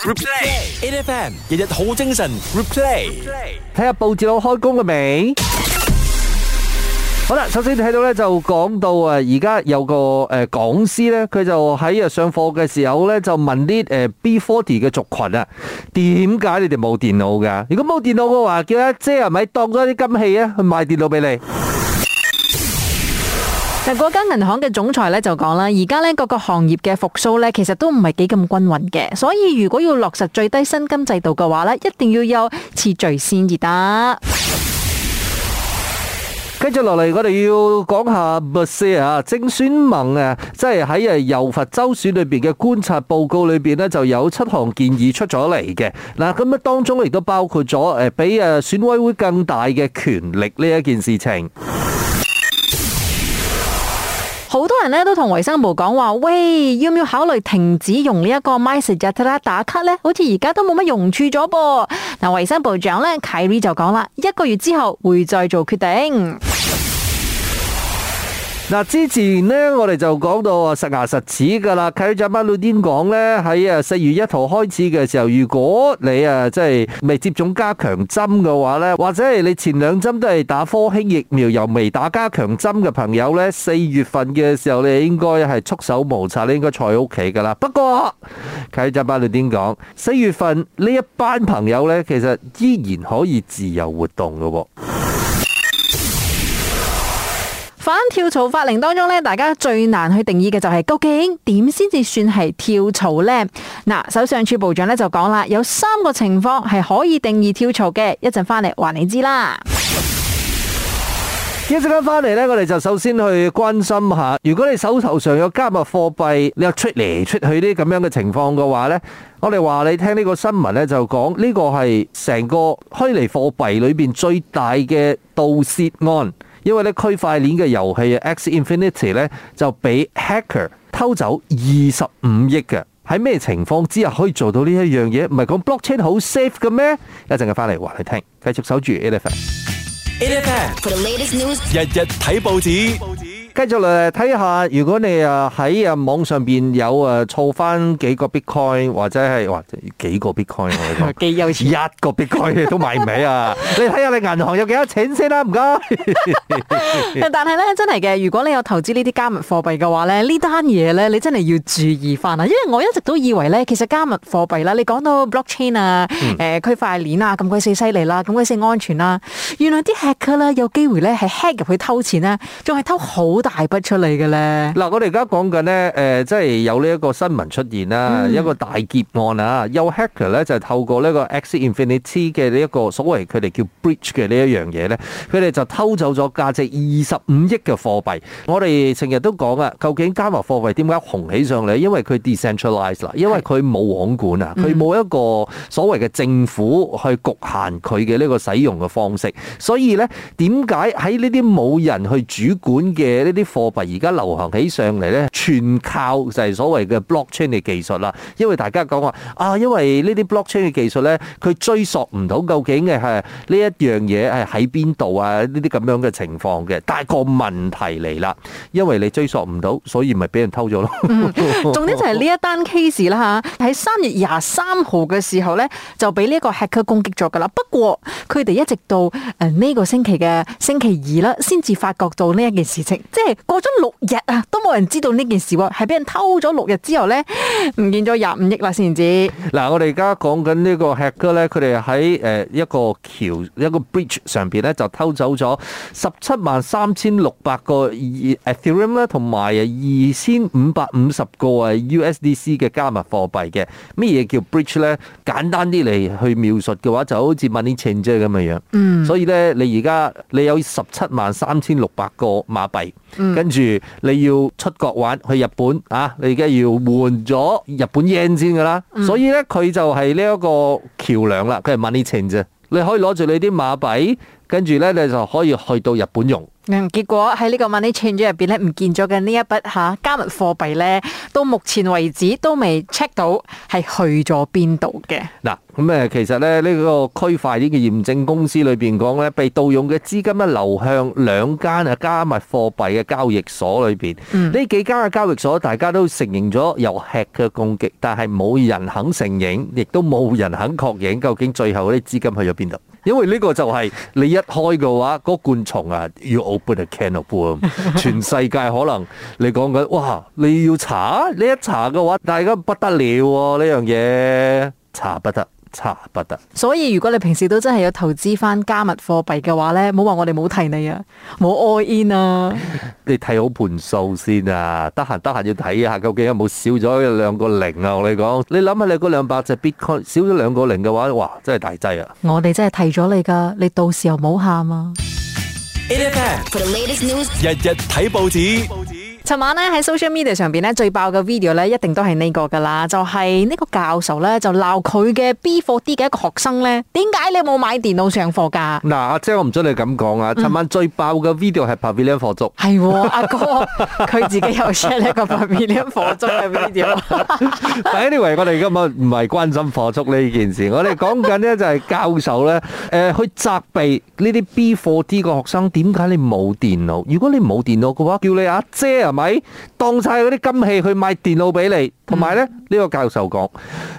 Replay! AFM, 日日好精神, Replay! 睇下報紙佬開工咗未!好啦,首先你睇到呢就講到,而家有個講師呢,佢就喺上課嘅時候呢,就問啲, B40 嘅族群,點解你哋冇電腦㗎?如果冇電腦嘅話,叫阿姐,係咪當咗一啲金器呢,去買電腦俾你。嗱，嗰間銀行嘅總裁咧就講啦，而家咧各個行業嘅復蘇咧，其實都唔係幾咁均匀嘅，所以如果要落實最低薪金制度嘅話咧，一定要有次序先至得。跟住落嚟，我哋要講下布斯啊，精選盟啊，即係喺誒柔佛州選裏邊嘅觀察報告裏邊呢，就有七項建議出咗嚟嘅。嗱，咁啊當中亦都包括咗誒俾誒選委會更大嘅權力呢一件事情。好多人咧都同衛生部講話，喂，要唔要考慮停止用呢一個 MySejahtera 打打卡咧？好似而家都冇乜用處咗噃。嗱，衛生部長咧 Khairy 就講啦，一個月之後會再做決定。嗱，之前呢，我哋就講到啊，實牙實齒噶啦。啟振班老丁講呢，喺啊四月一號開始嘅時候，如果你啊即係未接種加強針嘅話呢，或者係你前兩針都係打科興疫苗又未打加強針嘅朋友呢，四月份嘅時候你應該係束手無策，你應該坐喺屋企噶啦。不過啟振班老丁講，四月份呢一班朋友呢，其實依然可以自由活動喎。反跳槽法令當中咧，大家最難去定義嘅就係究竟點先至算係跳槽呢？嗱，首相署部長咧就講啦，有三個情況係可以定義跳槽嘅。一陣翻嚟話你知啦。一陣翻嚟呢，我哋就首先去關心下，如果你手頭上有加密貨幣，你又出嚟出去啲咁樣嘅情況嘅話呢，我哋話你聽呢個新聞呢就講呢個係成個虛擬貨幣裏邊最大嘅盜竊案。因為咧區塊鏈嘅遊戲 X Infinity 咧就俾 hacker 偷走二十五億嘅，喺咩情況之下可以做到呢一樣嘢？唔係講 blockchain 好 safe 嘅咩？一陣就翻嚟話你聽，繼續守住 It is. Elephant，Elephant，for the latest news，日日睇報紙。日日繼續嚟睇下。如果你啊喺啊網上邊有啊儲翻幾個 bitcoin 或者係或者幾個 bitcoin，我幾有錢一個 bitcoin 都買唔起啊！ 你睇下你銀行有幾多錢先，啊、啦，唔該。 但係咧真係嘅，如果你有投資呢啲加密貨幣嘅話咧，這呢單嘢，咧你真係要注意翻啊！因為我一直都以為咧，其實加密貨幣啦，你講到 blockchain 啊、誒區塊鏈啊，咁鬼死犀利啦，咁鬼死安全啦，啊，原來啲黑客咧有機會咧係 hack 入去偷錢咧，仲係偷好。大筆出嚟嘅咧。嗱、嗯，我哋而家講緊咧，誒、呃，即係有呢一個新聞出現啦，嗯、一個大劫案啊。有黑客咧就是、透過呢個 Axie Infinity 嘅呢一個所謂佢哋叫 Bridge 嘅呢一樣嘢咧，佢哋就偷走咗價值二十五億嘅貨幣，我哋成日都講啊，究竟加密貨幣點解紅起上嚟？因為佢 decentralize 啦，因為佢冇網管啊，佢冇是一個所謂嘅政府去局限佢嘅呢個使用嘅方式。嗯、所以咧，點解喺呢啲冇人去主管嘅？呢啲貨幣而家流行起上嚟呢，全靠就係所謂嘅 blockchain 嘅技術啦。因為大家講話啊，因為呢啲 blockchain 嘅技術呢，佢追溯唔到究竟係係呢一樣嘢係喺邊度啊？呢啲咁樣嘅情況嘅，但係個問題嚟啦，因為你追溯唔到，所以咪俾人偷咗咯、嗯。重點就係呢一單 case 啦吓，喺三月廿三號嘅時候呢，就俾呢個黑客攻擊咗㗎啦。不過佢哋一直到誒呢個星期嘅星期二啦，先至發覺到呢一件事情，過咗六日啊，都冇人知道呢件事喎，係俾人偷咗六日之後呢，唔見咗廿五億啦先至。嗱，我哋而家講緊呢個 hacker 呢，佢哋喺誒一個橋一個 bridge 上邊呢，就偷走咗十七萬三千六百個 Ethereum 咧，同埋啊二千五百五十個啊 USDC 嘅加密貨幣嘅。咩嘢叫 bridge 呢？簡單啲嚟去描述嘅話，就好似 money changer 咁嘅樣。嗯，所以呢，你而家你有十七萬三千六百個馬幣。跟住你要出國玩，去日本啊！你而家要換咗日本 yen 先㗎啦，所以呢，佢就係呢一個橋梁啦，佢係 money change 啫，你可以攞住你啲馬幣。跟住咧，你就可以去到日本用。嗯，結果喺呢個 money change 入邊咧，唔見咗嘅呢一筆嚇、啊、加密貨幣咧，到目前為止都未 check 到係去咗邊度嘅。嗱，咁誒，其實咧呢、呢個區塊鏈嘅驗證公司裏邊講咧，被盜用嘅資金咧流向兩間啊加密貨幣嘅交易所裏邊。呢、嗯、幾間嘅交易所大家都承認咗有吃嘅攻擊，但係冇人肯承認，亦都冇人肯確認究竟最後啲資金去咗邊度。因為呢個就係你一開嘅話，嗰罐蟲啊，要 open a can of boom， 全世界可能你講緊，哇！你要查，你一查嘅話，大家不得了喎、哦，呢樣嘢查不得。差不得，所以如果你平時都真係有投資翻加密貨幣嘅話咧，唔好話我哋冇提你啊，冇 all in 啊，你睇好盤數先啊，得閒得閒要睇下究竟有冇少咗兩個零啊，我你講，你諗下你嗰兩百隻 Bitcoin 少咗兩個零嘅話，哇，真係大劑啊！我哋真係提咗你噶，你到時候唔好喊啊！News. 日日睇報紙。報紙尋晚咧喺 social media 上邊咧最爆嘅 video 咧一定都係呢、這個噶啦，就係、是、呢個教授咧就鬧佢嘅 B40 嘅一個學生咧，點解你冇買電腦上課噶？嗱，阿姐我唔准你咁講啊！尋晚最爆嘅 video 係 Pavilion 火燭，係阿、嗯、哥佢自己又 share 呢個 Pavilion 火燭嘅 video。But anyway 我哋今日唔係關心火燭呢件事，我哋講緊呢，就係教授咧，誒、呃、去責備呢啲 B40 嘅學生，點解你冇電腦？如果你冇電腦嘅話，叫你阿、啊、姐。咪？當晒嗰啲金器去買電腦俾你，同埋咧呢、呢個教授講，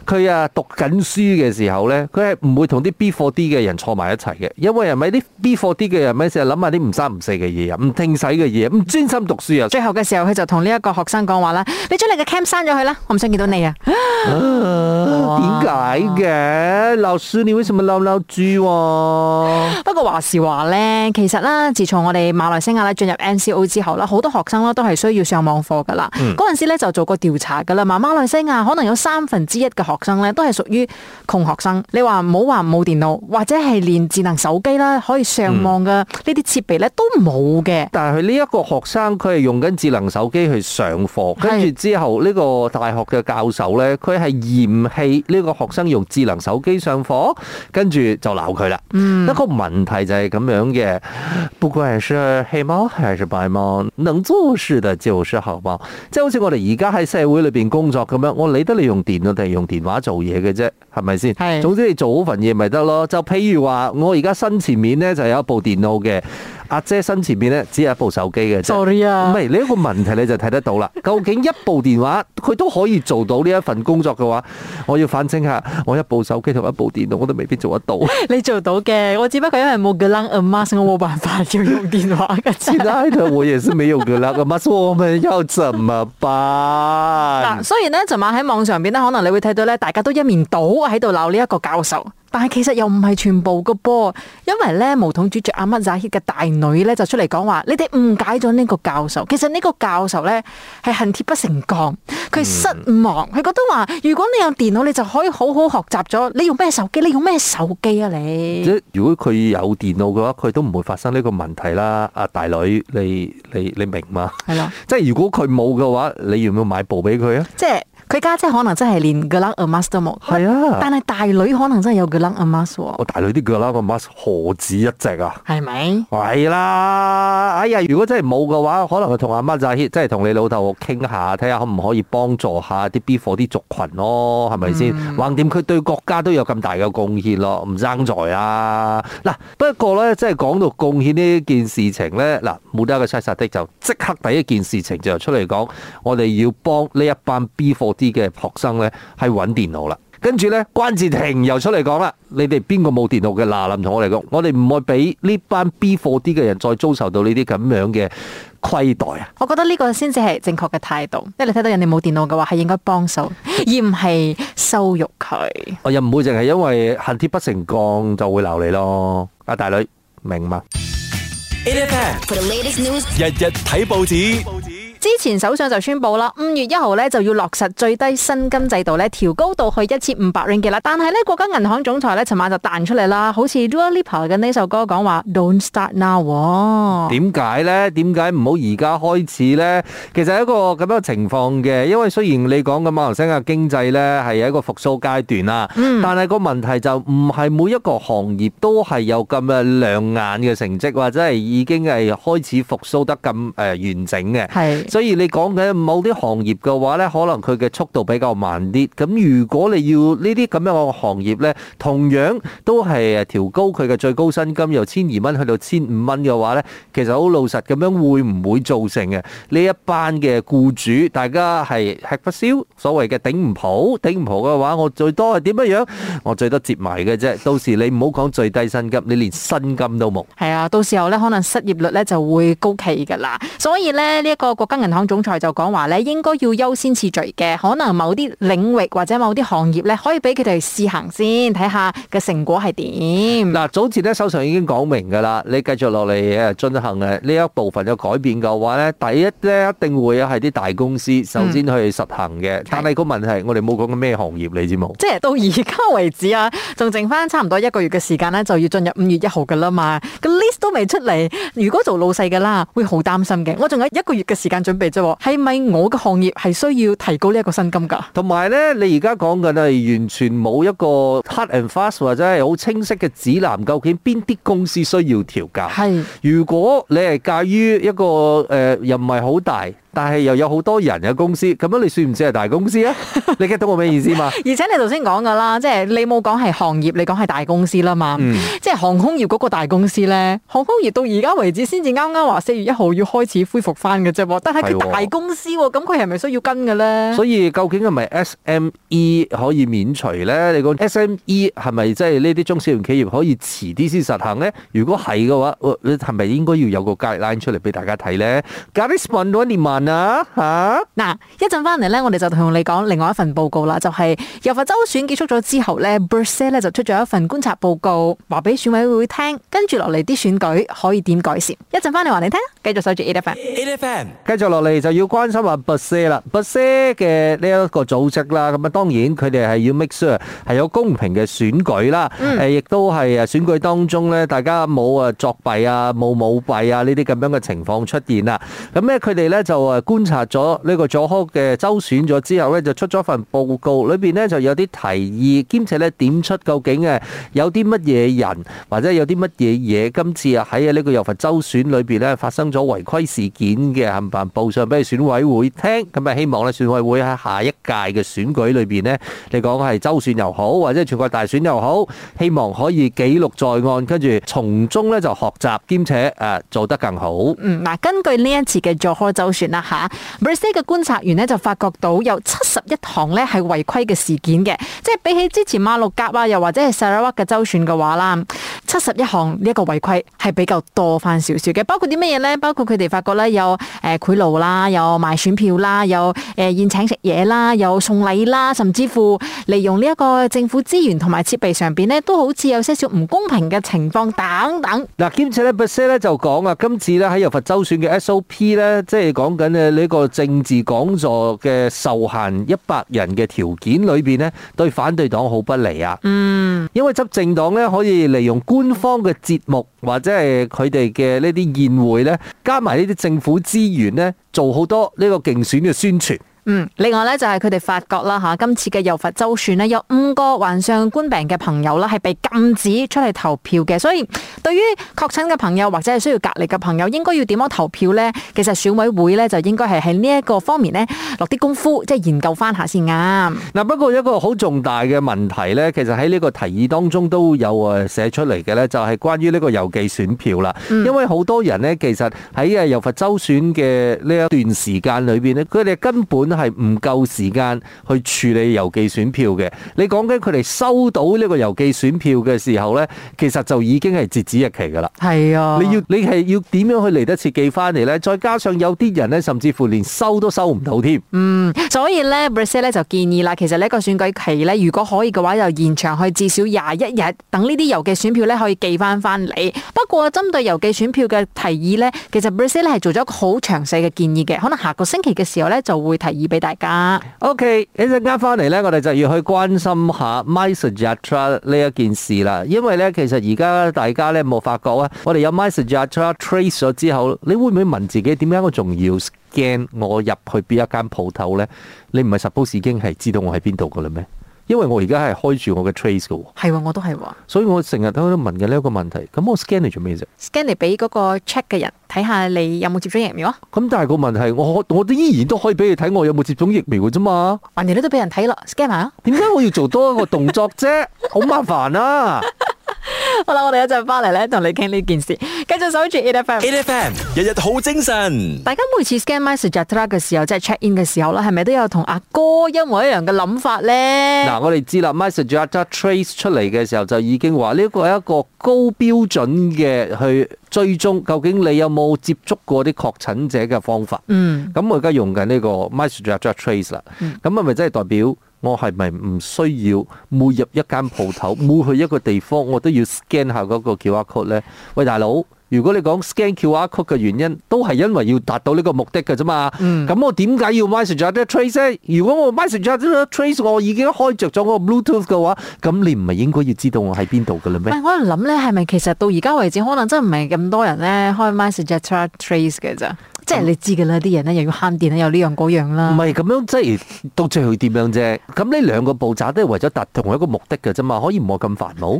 佢啊讀緊書嘅時候咧，佢係唔會同啲 B 貨 d 嘅人坐埋一齊嘅，因為啊咪啲 B 貨 d 嘅人咪成日諗下啲唔三唔四嘅嘢啊，唔聽使嘅嘢，唔專心讀書啊。最後嘅時候，佢就同呢一個學生講話啦：你將你嘅 cam 刪咗佢啦，我唔想見到你啊！點解嘅？啊、老師，你為什麼嬲嬲豬喎？不過話時話咧，其實啦，自從我哋馬來西亞咧進入 NCO 之後啦，好多學生咧都係。需要上網課噶啦，嗰陣、嗯、時咧就做過調查噶啦。馬來西亞，可能有三分之一嘅學生咧都係屬於窮學生。你話唔好話冇電腦，或者係連智能手機啦可以上網嘅呢啲設備咧都冇嘅、嗯。但係呢一個學生佢係用緊智能手機去上課，是跟住之後呢個大學嘅教授咧佢係嫌棄呢個學生用智能手機上課，跟住就鬧佢啦。一、嗯、個問題就係咁樣嘅，不管是黑貓還是白貓，能做事的。就是即好似我哋而家喺社會裏面工作咁樣，我理得你用電腦定係用電話做嘢嘅啫，係咪先？係。是的 總之你做好份嘢咪得咯。就譬如話，我而家身前面呢，就有一部電腦嘅。阿姐身前邊咧，只有一部手機嘅啫。Sorry 啊，唔係你一個問題，你就睇得到啦。究竟一部電話佢都可以做到呢一份工作嘅話，我要反省下，我一部手機同一部電腦我都未必做得到。你做到嘅，我只不過因為冇 Galang Amas，我冇辦法要用電話嘅啫。親愛的，我也是沒有 Galang Amas，我們要怎麼辦？嗱，雖然咧，尋晚喺網上邊咧，可能你會睇到咧，大家都一面倒喺度鬧呢一個教授。但係其實又唔係全部嘅噃，因為咧，巫統主席阿乜扎希嘅大女咧就出嚟講話：你哋誤解咗呢個教授，其實呢個教授咧係恨鐵不成鋼，佢失望，佢、嗯、覺得話如果你有電腦，你就可以好好學習咗。你用咩手機，你用咩手機啊？你即如果佢有電腦嘅話，佢都唔會發生呢個問題啦。阿大女，你你你明嗎？係啦，即係如果佢冇嘅話，你要唔要買部俾佢啊？即、就是佢家姐，姐可能真係連 gelang emas 都冇，係啊！但係大女可能真係有 gelang emas 喎。我大女啲 gelang emas 何止一隻啊？係咪吧？係啦，哎呀！如果真係冇嘅話，可能佢同阿媽就即係同你老豆傾下，睇下可唔可以幫助下啲 B 貨啲族群咯？係咪先？橫掂佢對國家都有咁大嘅貢獻咯，唔爭在啊！嗱、啊，不過咧，即係講到貢獻呢件事情咧，嗱、啊，冇得一個西沙的就即刻第一件事情就出嚟講，我哋要幫呢一班 B 貨啲嘅學生咧係搵電腦啦，跟住咧關智婷又出嚟講啦，你哋邊個冇電腦嘅？嗱，唔同我哋講，我哋唔會俾呢班 B 貨啲嘅人再遭受到呢啲咁樣嘅虧待啊！我覺得呢個先至係正確嘅態度，就是、 因為你睇到人哋冇電腦嘅話，係應該幫手，而唔係羞辱佢。我又唔會淨係因為恨鐵不成鋼就會鬧你咯，阿、啊、大女，明嗎？The pan, for the latest news, 日日睇報紙。報紙之前首相就宣佈啦，五月一號咧就要落實最低薪金制度咧，調高到去一千五百 ringgit 啦。但係咧，國家銀行總裁咧，尋晚就彈出嚟啦，好似 Dua Lipa 嘅呢首歌講話，Don't Start Now。點解咧？點解唔好而家開始咧？其實是一個咁樣的情況嘅，因為雖然你講嘅馬來西亞經濟咧係一個復甦階段啦，嗯，但係個問題就唔係每一個行業都係有咁嘅亮眼嘅成績，或者係已經係開始復甦得咁誒完整嘅，係。所以你講緊某啲行業嘅話咧，可能佢嘅速度比較慢啲。咁如果你要呢啲咁樣嘅行業咧，同樣都係誒調高佢嘅最高薪金，由千二蚊去到千五蚊嘅話咧，其實好老實咁樣會唔會造成嘅呢一班嘅雇主大家係吃不消，所謂嘅頂唔好頂唔好嘅話，我最多係點樣樣我最多接埋嘅啫。到時你唔好講最低薪金，你連薪金都冇。係啊，到時候咧可能失業率咧就會高企㗎啦。所以咧呢一個國家。銀行總裁就講話咧，應該要優先次序嘅，可能某啲領域或者某啲行業咧，可以俾佢哋試行先，睇下嘅成果係點。嗱，早前咧，手上已經講明噶啦，你繼續落嚟進行誒呢一部分嘅改變嘅話咧，第一咧一定會有係啲大公司首先去實行嘅。嗯、但係個問題，我哋冇講過咩行業，你知冇？即係到而家為止啊，仲剩翻差唔多一個月嘅時間咧，就要進入五月一號噶啦嘛，個 list 都未出嚟，如果做老細噶啦，會好擔心嘅。我仲有一個月嘅時間準備啫，係咪我嘅行業係需要提高呢一個薪金噶？同埋咧，你而家講緊係完全冇一個 hard and fast 或者係好清晰嘅指南，究竟邊啲公司需要調價？係，如果你係介於一個誒又唔係好大。但係又有好多人嘅公司，咁樣你算唔算係大公司啊？你 get 到我咩意思嘛？ 而且你頭先講噶啦，即係你冇講係行業，你講係大公司啦嘛。嗯、即係航空業嗰個大公司咧，航空業到而家為止先至啱啱話四月一號要開始恢復翻嘅啫。但係佢大公司喎，咁佢係咪需要跟嘅咧？所以究竟係咪 SME 可以免除咧？你講 SME 係咪即係呢啲中小型企業可以遲啲先實行咧？如果係嘅話，我係咪應該要有個 guideline 出嚟俾大家睇咧？嗱，嗱，一陣翻嚟咧，我哋就同你講另外一份報告啦，就係柔佛州選結束咗之後咧，Bersih 咧就出咗一份觀察報告，話俾選委會聽，跟住落嚟啲選舉可以點改善。一陣翻嚟話你聽，繼續守住 AiFM，AiFM，繼續落嚟就要關心話 Bersih 啦，Bersih 嘅呢一個組織啦，咁啊當然佢哋係要 make sure 係有公平嘅選舉啦，誒，亦都係誒選舉當中咧，大家冇啊作弊啊，冇舞弊啊呢啲咁樣嘅情況出現啦。咁咧佢哋咧就。誒，觀察咗呢個柔佛嘅周選咗之後呢，就出咗份報告。裏邊呢，就有啲提議，兼且呢，點出究竟誒有啲乜嘢人或者有啲乜嘢嘢，今次啊喺呢個柔佛周選裏邊呢，發生咗違規事件嘅，係唔係？報上俾選委會聽，咁啊希望呢，選委會喺下一屆嘅選舉裏邊呢，你講係周選又好，或者全國大選又好，希望可以記錄在案，跟住從中呢就學習，兼且誒做得更好。嗯，嗱，根據呢一次嘅柔佛周選啦。嚇，布雷塞嘅觀察員咧就發覺到有七十一項咧係違規嘅事件嘅，即係比起之前馬六甲啊，又或者係砂拉越嘅州選嘅話啦，七十一項呢一個違規係比較多翻少少嘅，包括啲乜嘢咧？包括佢哋發覺咧有誒賄賂啦，有賣選票啦，有誒宴請食嘢啦，有送禮啦，甚至乎利用呢一個政府資源同埋設備上邊咧，都好似有些少唔公平嘅情況等等。嗱，兼且咧，布雷塞咧就講啊，今次咧喺柔佛州選嘅 SOP 咧，即係講緊。呢個政治講座嘅受限一百人嘅條件裏邊呢，對反對黨好不利啊！嗯，因為執政黨呢可以利用官方嘅節目，或者係佢哋嘅呢啲宴會呢，加埋呢啲政府資源呢，做好多呢個競選嘅宣傳。嗯，另外咧就係佢哋發覺啦吓，今次嘅柔佛州選呢有五個患上冠病嘅朋友啦，係被禁止出嚟投票嘅。所以對於確診嘅朋友或者係需要隔離嘅朋友，應該要點樣投票呢？其實選委會呢，就應該係喺呢一個方面呢落啲功夫，即、就、係、是、研究翻下先啱、啊。嗱、嗯，不過一個好重大嘅問題呢，其實喺呢個提議當中都有誒寫出嚟嘅呢，就係、是、關於呢個郵寄選票啦。因為好多人呢，其實喺誒柔佛州選嘅呢一段時間裏邊呢，佢哋根本。係唔夠時間去處理郵寄選票嘅？你講緊佢哋收到呢個郵寄選票嘅時候呢，其實就已經係截止日期噶啦。係是啊你，你要你係要點樣去嚟得切寄翻嚟呢？再加上有啲人呢，甚至乎連收都收唔到添。嗯，所以呢 Bersih 咧就建議啦。其實呢個選舉期呢，如果可以嘅話，就延長去至少廿一日，等呢啲郵寄選票呢可以寄翻翻嚟。不過針對郵寄選票嘅提議呢，其實 Bersih 咧係做咗一個好詳細嘅建議嘅。可能下個星期嘅時候呢，就會提議。俾大家。OK，一陣間翻嚟咧，我哋就要去關心下 MySejahtera 呢一件事啦。因為咧，其實而家大家咧冇發覺啊，我哋有 MySejahtera trace 咗之後，你會唔會問自己，點解我仲要 scan 我入去邊一間鋪頭咧？你唔係 suppose 已經係知道我喺邊度噶啦咩？因為我而家係開住我嘅 trace 㗎，係喎、啊，我都係喎，所以我成日都喺度問嘅呢一個問題，咁我 scan 嚟做咩啫？scan 嚟俾嗰個 check 嘅人睇下你有冇接種疫苗啊？咁但係個問題，我我都依然都可以俾你睇我有冇接種疫苗嘅啫嘛，橫掂都都俾人睇啦，scan 埋啊？點解我要做多一個動作啫？好 麻煩啊！ 好啦，我哋一陣翻嚟咧，同你傾呢件事，繼續守住 ATFM，ATFM 日日好精神。大家每次 scan MySejahtera 嘅時候，即係 check in 嘅時候係咪都有同阿哥一模一樣嘅諗法咧？嗱，我哋知啦 MySejahtera trace 出嚟嘅時候，就已經話呢個係一個高標準嘅去追蹤，究竟你有冇接觸過啲確診者嘅方法？嗯，咁我而家用緊呢個 MySejahtera trace 啦，咁係咪真係代表？我係咪唔需要每入一間鋪頭、 每去一個地方，我都要 scan 下嗰個 QR code 咧？喂，大佬，如果你講 scan QR code 嘅原因，都係因為要達到呢個目的嘅啫嘛。咁、嗯、我點解要 MySejahtera Trace 呢？如果我 MySejahtera Trace，我已經開着咗個 Bluetooth 嘅話，咁你唔係應該要知道我喺邊度嘅嘞咩？我喺度諗咧，係咪其實到而家為止，可能真係唔係咁多人咧開 MySejahtera Trace 嘅咋？即係你知噶啦，啲人咧又要慳電啦，又呢樣嗰樣啦。唔係咁樣，即係到最後點樣啫？咁呢兩個步驟都係為咗達同一個目的嘅啫嘛，可以唔冇咁煩惱。嗱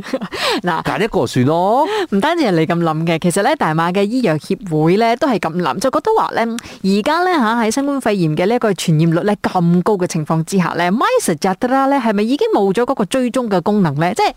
那，揀一個算咯。唔單止係你咁諗嘅，其實咧大馬嘅醫藥協會咧都係咁諗，就覺得話咧，而家咧嚇喺新冠肺炎嘅呢個傳染率咧咁高嘅情況之下咧 MySejahtera 啦咧，係咪已經冇咗嗰個追蹤嘅功能咧？即係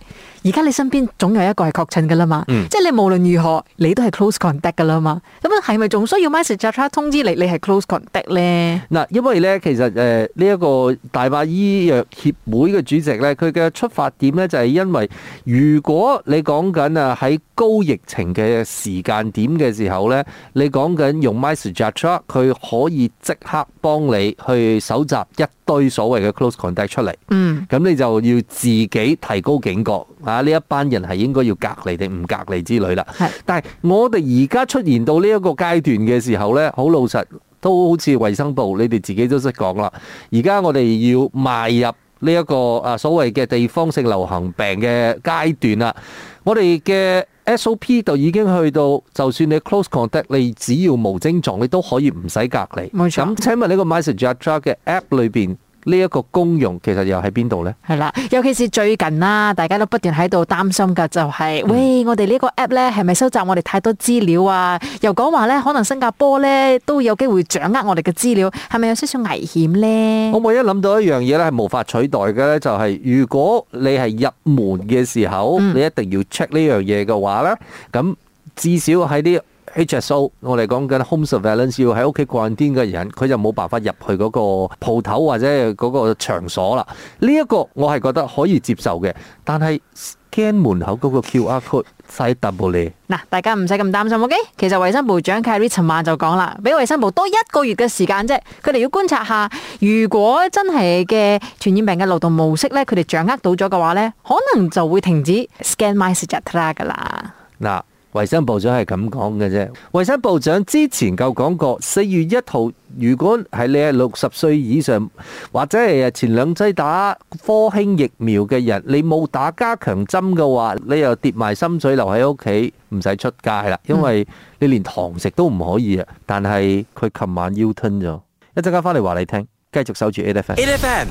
而家你身邊總有一個係確診噶啦嘛，嗯、即係你無論如何你都係 close contact 噶啦嘛，咁係咪仲需要 MySejahtera 他通知你，你係 close contact 咧嗱，因為咧其實呢一個大馬醫藥協會嘅主席咧，佢嘅出發點咧就係因為如果你講緊啊喺高疫情嘅時間點嘅時候咧，你講緊用 MySejahtera，佢可以即刻幫你去搜集一堆所謂嘅 close contact 出嚟，嗯，咁你就要自己提高警覺。啊！呢一班人係應該要隔離定唔隔離之類啦。是的 但係我哋而家出現到呢一個階段嘅時候咧，好老實都好似衛生部，你哋自己都識講啦。而家我哋要邁入呢一個啊所謂嘅地方性流行病嘅階段啦。我哋嘅 SOP 就已經去到，就算你 close contact，你只要冇症狀，你都可以唔使隔離。咁錯請問呢個 MySejahtera 嘅 App 裏邊？呢一個功用其實又喺邊度咧？係啦，尤其是最近啦，大家都不斷喺度擔心㗎就係，喂，我哋呢個 app 咧係咪收集我哋太多資料啊？又講話咧，可能新加坡咧都有機會掌握我哋嘅資料，係咪有少少危險咧？我唯一諗到一樣嘢咧係無法取代嘅咧，就係如果你係入門嘅時候，你一定要 check 呢樣嘢嘅話咧，咁至少喺啲。H S O，我哋講緊 home surveillance 要喺屋企慣緊嘅人，佢就冇辦法入去嗰個鋪頭或者嗰個場所啦。呢、這、一個我係覺得可以接受嘅，但係 scan 門口嗰個 QR code 曬特別。嗱，大家唔使咁擔心，OK 其實衛生部長 Khairy 尋晚就講啦，俾衛生部多一個月嘅時間啫，佢哋要觀察下，如果真係嘅傳染病嘅流動模式咧，佢哋掌握到咗嘅話咧，可能就會停止 scan MySejahtera 噶啦。嗱。衛生部長係咁講嘅啫，衛生部長之前就講過，四月一號如果係你係六十歲以上或者係前兩劑打科興疫苗嘅人，你冇打加強針嘅話，你又跌埋心水，留喺屋企唔使出街啦，因為你連堂食都唔可以啊。但係佢琴晚 U-turn 咗，一陣間翻嚟話你聽，繼續守住 A F M。A F M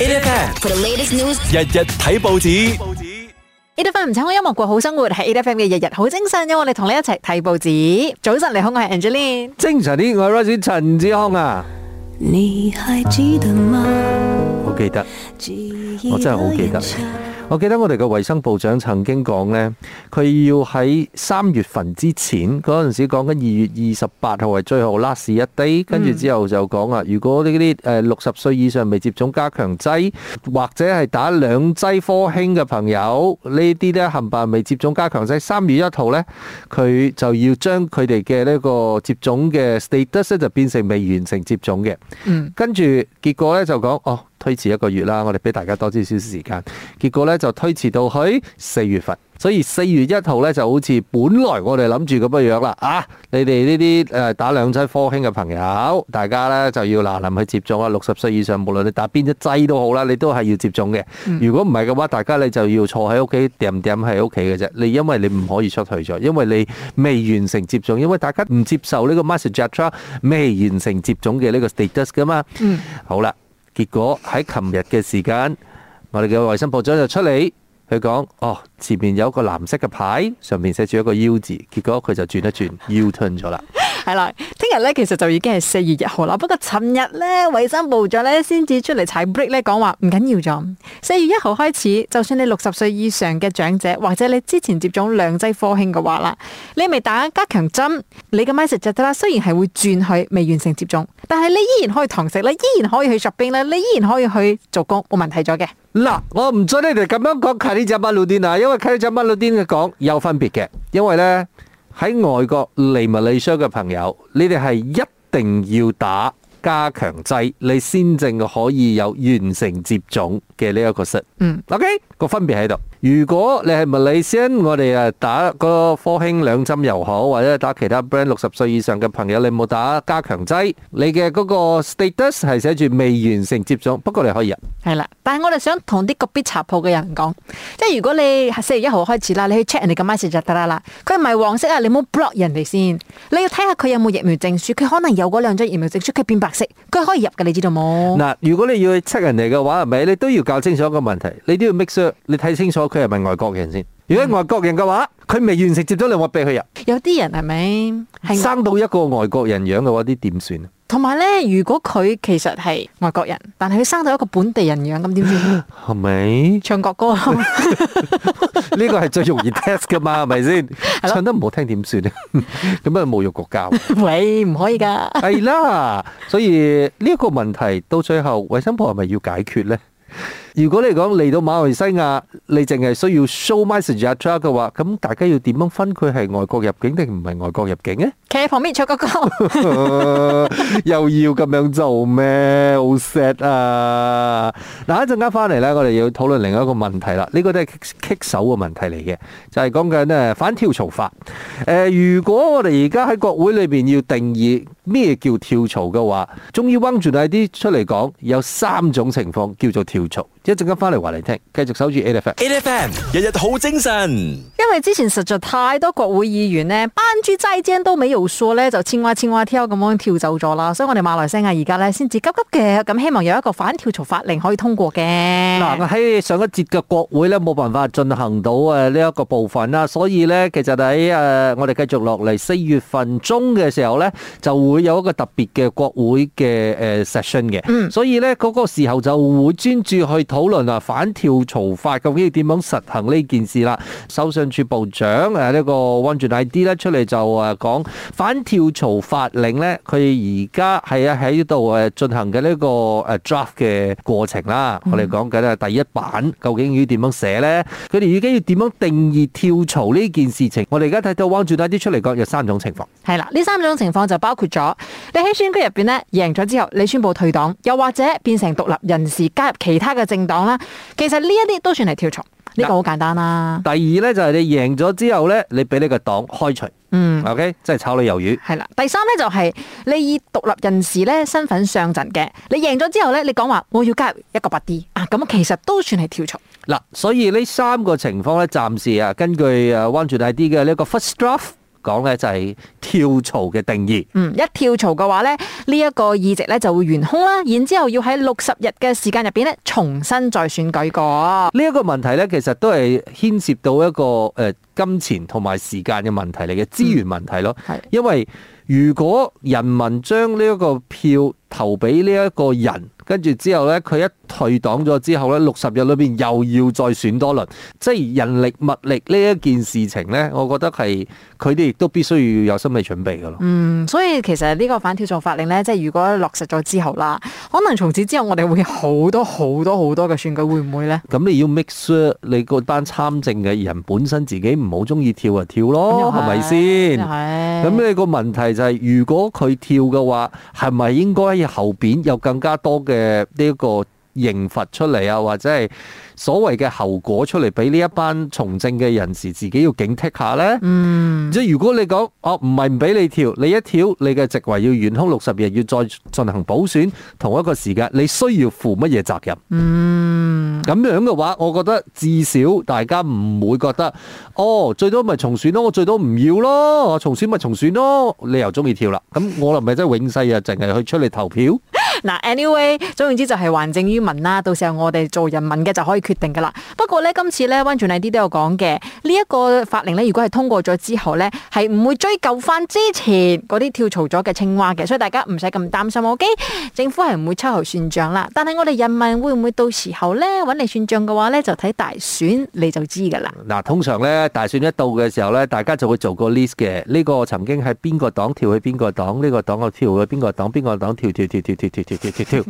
A F M For the latest news，日日睇報紙報紙。A.F.M. 唔請我音樂過好生活，係 A.F.M. 嘅日日好精神，因為我哋同你一齊睇報紙。早晨，你好，我係 Angeline。清晨天外 Rose 陳志康啊，你還記得嗎？好記得，我真係好記得。我記得我哋嘅衛生部長曾經講咧，佢要喺三月份之前嗰陣時講緊二月二十八號係最後 last 一 day，跟住之後就講啊，如果呢啲誒六十歲以上未接種加強劑或者係打兩劑科興嘅朋友，呢啲咧冚唪唥未接種加強劑，三月一號咧佢就要將佢哋嘅呢個接種嘅 status 咧就變成未完成接種嘅。嗯，跟住結果咧就講哦，推遲一個月啦，我哋俾大家多啲少少時間。結果咧。就推遲到去四月份，所以四月一號咧就好似本來我哋諗住咁嘅樣啦啊！你哋呢啲誒打兩劑科興嘅朋友，大家咧就要嗱臨去接種啊！六十歲以上，無論你打邊一劑都好啦，你都係要接種嘅。如果唔係嘅話，大家你就要坐喺屋企，掂掂喺屋企嘅啫。你因為你唔可以出去咗，因為你未完成接種，因為大家唔接受呢個 MySejahtera 未完成接種嘅呢個 status 噶嘛。好啦，結果喺琴日嘅時間。我哋嘅衛生部長就出嚟，佢講哦，前面有一個藍色嘅牌，上面寫住一個 U 字，結果佢就轉一轉 U turn 咗啦。係啦， 聽日咧其實就已經係四月一號啦。不過尋日咧衛生部長咧先至出嚟踩 break 咧，講話唔緊要咗。四月一號開始，就算你六十歲以上嘅長者，或者你之前接種兩劑科興嘅話啦，你未打加強針，你嘅 MySejahtera 就得啦。雖然係會轉去未完成接種，但係你依然可以堂食咧，依然可以去 shopping 咧，你依然可以去做工，冇問題咗嘅。嗱，我唔准你哋咁樣講卡呢只乜老癲啊，因為卡呢只乜老癲嘅講有分別嘅。因為呢喺外國嚟埋理商嘅朋友，你哋係一定要打加強劑，你先正可以有完成接種嘅呢一個色。嗯，o、okay? k 個分別喺度。如果你係唔理先，我哋誒打嗰個科興兩針又好，或者打其他 brand，六十歲以上嘅朋友你冇打加強劑，你嘅嗰個 status 係寫住未完成接種，不過你可以入。係啦，但係我哋想同啲個別茶鋪嘅人講，即係如果你係四月一號開始啦，你去 check 人哋個 message 就得啦啦。佢唔係黃色啊，你冇 block 人哋先。你要睇下佢有冇疫苗證書，佢可能有嗰兩張疫苗證書，佢變白色，佢可以入嘅，你知道冇？嗱，如果你要去 check 人哋嘅話，係咪你都要搞清楚一個問題，你都要 mix up，你睇清楚。佢係咪外國人先，如果外國人嘅話，佢未完成接種，你話俾佢入。有啲人係咪生到一個外國人樣嘅話，啲點算？同埋咧，如果佢其實係外國人，但係佢生到一個本地人樣，咁點算？係咪唱國歌？呢個係最容易 test 噶嘛，係咪先？唱得唔好聽點算啊？咁樣侮辱國家，喂，唔可以㗎？係啦，所以呢一個問題到最後，衞生部係咪要解決咧？如果你講嚟，到馬來西亞，你淨係需要 show message check 嘅話，咁大家要點樣分佢係外國入境定唔係外國入境呢？企喺旁邊卓哥哥又要咁樣做咩？好 sad 啊！嗱，一陣間翻嚟呢，我哋要討論另一個問題啦。呢個都係棘手嘅問題嚟嘅，就係講緊呢反跳槽法。誒、呃，如果我哋而家喺國會裏邊要定義。咩叫跳槽嘅話，終於彎住大啲出嚟講，有三種情況叫做跳槽。一陣間翻嚟話你聽，繼續守住 A F M。A F M 日日好精神。因為之前實在太多國會議員咧，半句再見都沒有說咧,就青蛙青蛙跳咁樣跳走咗啦。所以我哋馬來西亞而家咧先至急急嘅咁,希望有一個反跳槽法令可以通過嘅。嗱,喺上一節嘅國會咧冇辦法進行到誒呢一個部分啦,所以咧其實喺誒、呃、我哋繼續落嚟四月份中嘅時候咧就會會有一個特別嘅國會嘅誒 session 嘅，所以咧嗰個時候就會專注去討論啊反跳槽法究竟要點樣實行呢件事啦。首相署部長誒呢、這個温俊大 D 咧出嚟就誒講反跳槽法令咧，佢而家係啊喺度誒進行嘅呢個誒 draft 嘅過程啦。我哋講緊係第一版，究竟要點樣寫咧？佢哋已經要點樣定義跳槽呢件事情？我哋而家睇到温俊大 D 出嚟講有三種情況。係啦，呢三種情況就包括咗。你喺選區入邊咧贏咗之後，你宣布退黨，又或者變成獨立人士加入其他嘅政黨啦，其實呢一啲都算係跳槽，呢個好簡單啦。第二咧就係你贏咗之後咧，你俾呢個黨開除，嗯，OK，即係炒你魷魚。係啦，第三咧就係你以獨立人士咧身份上陣嘅，你贏咗之後咧，你講話我要加入一個八 D 啊，咁其實都算係跳槽。嗱，所以呢三個情況咧，暫時啊，根據誒温泉大啲嘅呢個 first draft 講嘅就係跳槽嘅定義。嗯，一跳槽嘅話呢，呢一個議席咧就會懸空啦。然之後要喺六十日嘅時間入邊咧，重新再選舉過。呢一個問題呢，其實都係牽涉到一個誒金錢同埋時間嘅問題，嚟嘅資源問題咯。因為如果人民將呢一個票投俾呢一個人，跟住之後呢，佢一退黨咗之後咧，六十日裏邊又要再選多輪，即係人力物力呢一件事情呢，我覺得係佢哋亦都必須要有心理準備噶咯。嗯，所以其實呢個反跳做法令呢，即係如果落實咗之後啦，可能從此之後我哋會好多好多好多嘅選舉會唔會呢？咁你要 make sure 你個班參政嘅人本身自己唔好中意跳啊跳咯，係咪先？係。咁你個問題就係，是，如果佢跳嘅話，係咪應該後邊有更加多嘅呢一個？刑罰出嚟啊，或者係所謂嘅後果出嚟，俾呢一班從政嘅人士自己要警惕下呢。嗯，即係如果你講哦，唔係唔俾你跳，你一跳，你嘅職位要懸空六十日，要再進行補選，同一個時間，你需要負乜嘢責任？嗯，咁樣嘅話，我覺得至少大家唔會覺得哦，最多咪重選咯，我最多唔要咯，重選咪重選咯，你又中意跳啦，咁我又唔係真係永世啊，淨係去出嚟投票。嗱，anyway，總言之就係還政於民啦。到時候我哋做人民嘅就可以決定噶啦。不過咧，今次咧，溫泉麗啲都有講嘅，呢一個法令咧，如果係通過咗之後咧，係唔會追究翻之前嗰啲跳槽咗嘅青蛙嘅，所以大家唔使咁擔心。OK，政府係唔會秋後算賬啦。但係我哋人民會唔會到時候咧揾你算賬嘅話咧，就睇大選你就知噶啦。嗱，通常咧大選一到嘅時候咧，大家就會做個 list 嘅，呢個曾經係邊個黨跳去邊個黨，呢個黨又跳去邊個黨，邊個黨跳跳跳跳跳跳跳。跳跳 跳！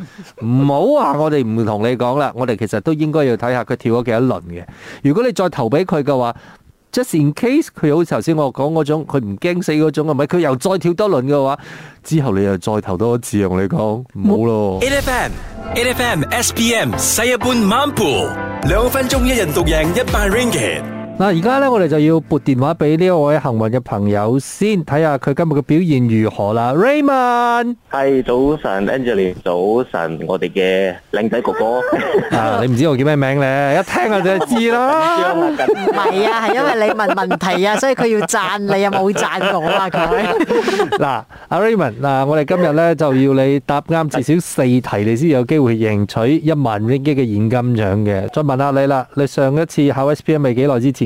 唔好話我哋唔同你講啦，我哋其實都應該要睇下佢跳咗幾多輪嘅。如果你再投俾佢嘅話，just in case 佢好似頭先我講嗰種，種，佢唔驚死嗰種啊，係咪？佢又再跳多輪嘅話，之後你又再投多一次，用同你講唔好咯。8FM 8FM SPM 西 m p 漫步兩分鐘一人獨贏一百 Ringgit。嗱，而家咧，我哋就要撥電話俾呢一位幸運嘅朋友先，睇下佢今日嘅表現如何啦。Raymond，係早晨，Angelina，早晨，我哋嘅靚仔哥哥， 啊，你唔知道我叫咩名咧？一聽我就知咯，唔係 啊，係因為你問問題啊，所以佢要讚你有冇讚我啊，佢、 啊。嗱，Raymond，嗱、啊，我哋今日咧就要你答啱至少四題，你先有機會贏取一萬蚊一嘅現金獎嘅。再問下你啦，你上一次考 S P M 未幾耐之前？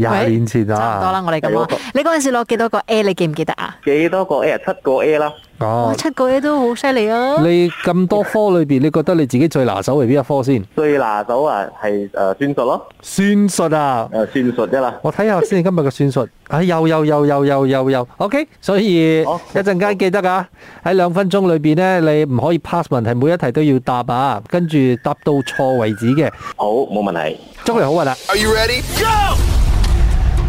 廿年前啊，差唔多啦，我哋咁啊。你嗰陣時攞幾多個 A？你記唔記得啊？幾多個 A？七個 A 啦。哦，七個 A 都好犀利啊！你咁多科裏邊，你覺得你自己最拿手係邊一科先？最拿手啊，係誒算術咯。算術啊？誒，算術啫啦。我睇下先，今日嘅算術，啊又又又又又又又。OK，所以一陣間記得啊！喺兩分鐘裏邊呢，你唔可以 pass 問題，每一題都要答啊，跟住答到錯為止嘅。好，冇問題。祝你好運啊！Are you ready? Go!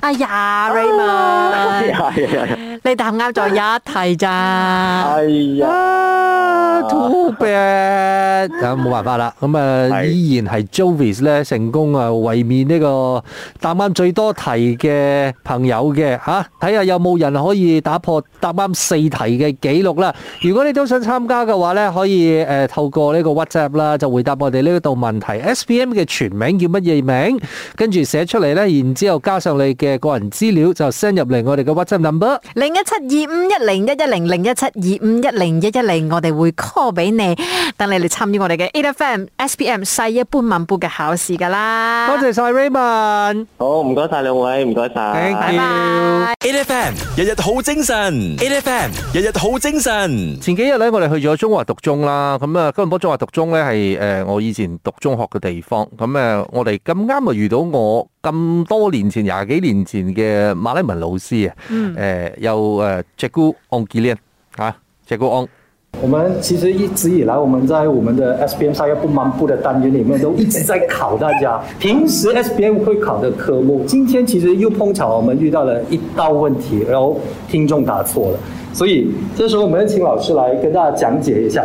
哎呀，Raymond，你答啱、哎、咗一題咋？哎呀，too bad，咁冇、哎、呀辦法啦咁啊，依然係 Jovis 咧，成功啊，為免呢、呢個答啱最多題嘅朋友嘅吓，睇、啊、下有冇人可以打破答啱四題嘅記錄啦。如果你都想參加嘅話咧，可以誒、呃、透過呢個 WhatsApp 啦，就回答我哋呢道問題 SPM 嘅全名叫乜嘢名，跟住寫出嚟咧，然之後加上你。你嘅個人資料就 send 入嚟我哋嘅 WhatsApp number，零一七二五一零一一零零一七二五一零一一零，我哋會 call 俾你，等你嚟參與我哋嘅 A F M S P M 細一般文簿嘅考試噶啦。多謝晒 Raymond，好唔該晒兩位，唔該晒，拜拜。A F M 日日好精神，A F M 日日好精神。前幾日咧，我哋去咗中華讀中啦。咁啊，今日幫中華讀中咧，係誒我以前讀中學嘅地方。咁啊，我哋咁啱啊遇到我，咁多年前，廿幾年前嘅馬來文老師啊，誒、呃，有誒 Jagoo a n g g i l i n 嚇，Jagoo n 我們其實一直以來，我們在我們的 S B M 商業部滿布的單元裡面，都一直在考大家。平時 S B M 會考的科目，今天其實又碰巧我們遇到了一道問題，然後聽眾答錯了，所以，這時候我們請老師來跟大家講解一下。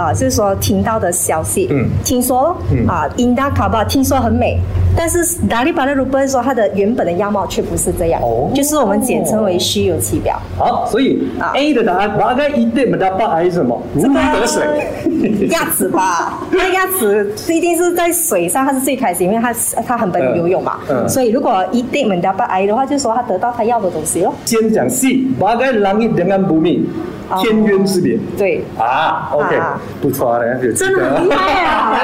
啊，就是說聽到的消息，嗯，聽說，啊、嗯，啊，Indakaba 聽說很美，但是 Daripalurupe 說他的原本的樣貌卻不是這樣，哦，就是我們簡稱為虛有其表。哦、好，所以啊 A 的答案 b 概一定 i d 八 m a k a b a 是什麼？什麼、這個？鴨子吧？那鴨 子一定是在水上，它是最開心，因為它它很會游泳嘛。嗯嗯、所以如果一定 e m 八 d a 的話，就是說它得到它要的東西嘍。先講 c 八 a g a l a 不 g 天淵之別。啊、對。啊，OK。啊。不錯啊，真的很厲害啊！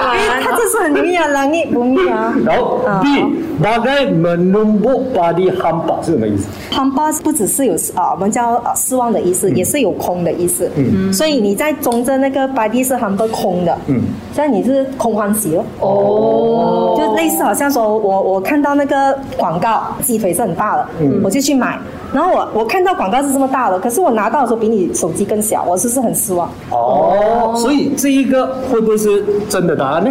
他 就是很厲害、啊，能力不厲害、啊？然後 b，巴結 menumbuk padi hampa 是什麼意思？hampa 不只是有啊、哦，我們叫失望的意思，嗯、也是有空的意思。嗯嗯。所以你在中正那個巴蒂是 hampa 空的。嗯。所以你是空歡喜哦。Oh、就類似好像說我我看到那個廣告雞腿是很大嗯。我就去買。然後我我看到廣告是這麼大的，可是我拿到的時候比你手機更小，我是不是很失望？哦，嗯，所以這一個會不會是真的答案呢？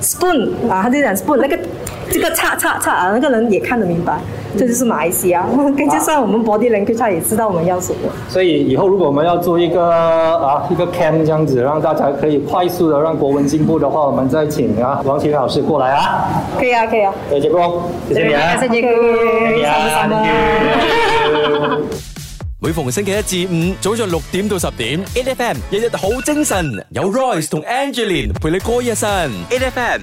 Spoon, uh, spoon 啊，他就講 spoon 那個這個叉叉叉啊，那個人也看得明白，這就是馬來西亞。就算我們 body language，他也知道我們要什麼。所以以後如果我們要做一個啊、uh, 一個 cam 這樣子，讓大家可以快速的讓國文進步的話， 我們再請啊王晴老師過來啊。可以啊，可以啊。謝謝你，謝謝謝謝，謝謝，謝謝，謝謝。 每逢星期一至五早上六點到十點，A F M 日日好精神，有 Royce 同 Angelina 陪你過一生，A F M。